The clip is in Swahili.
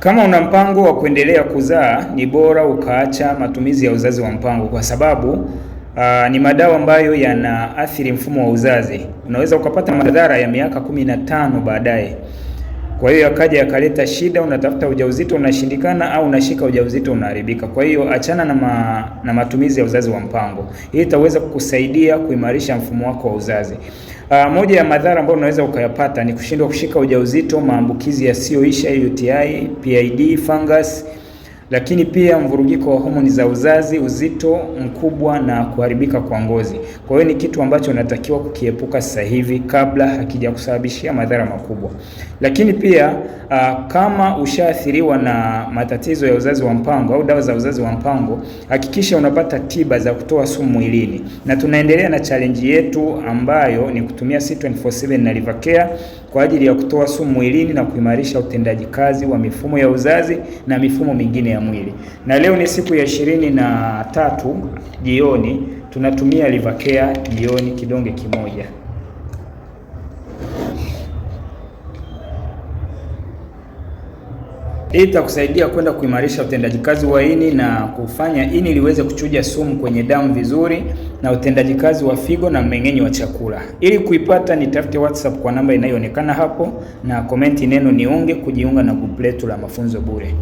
Kama una mpango wa kuendelea kuzaa, ni bora ukaacha matumizi ya uzazi wa mpango kwa sababu uh, ni madawa ambayo yanaathiri mfumo wa uzazi. Unaweza ukapata madhara ya miaka kumi na tano baadaye. Kwa hiyo akaja yakaleta shida, unatafuta ujauzito unashindikana, au unashika ujauzito unaharibika. Kwa hiyo achana na, ma, na matumizi ya uzazi wa mpango, hii itaweza kukusaidia kuimarisha mfumo wako wa uzazi. Uh, moja ya madhara ambayo unaweza ukayapata ni kushindwa kushika ujauzito, maambukizi yasiyoisha UTI, PID, fungus lakini pia mvurugiko wa homoni za uzazi, uzito mkubwa na kuharibika kwa ngozi. Kwa hiyo ni kitu ambacho unatakiwa kukiepuka sasa hivi kabla hakija kusababishia madhara makubwa. Lakini pia aa, ah, kama ushaathiriwa na matatizo ya uzazi wa mpango au dawa za uzazi wa mpango, hakikisha unapata tiba za kutoa sumu mwilini, na tunaendelea na challenge yetu ambayo ni kutumia C24/7 na Livercare kwa ajili ya kutoa sumu mwilini na kuimarisha utendaji kazi wa mifumo ya uzazi na mifumo mingine ya mwili. Na leo ni siku ya ishirini na tatu jioni tunatumia Liver Care jioni kidonge kimoja. Hii itakusaidia kwenda kuimarisha utendaji kazi wa ini na kufanya ini liweze kuchuja sumu kwenye damu vizuri na utendaji kazi wa figo na mmeng'enyo wa chakula. Ili kuipata, nitafute WhatsApp kwa namba inayoonekana hapo na komenti neno niunge kujiunga na grupu letu la mafunzo bure.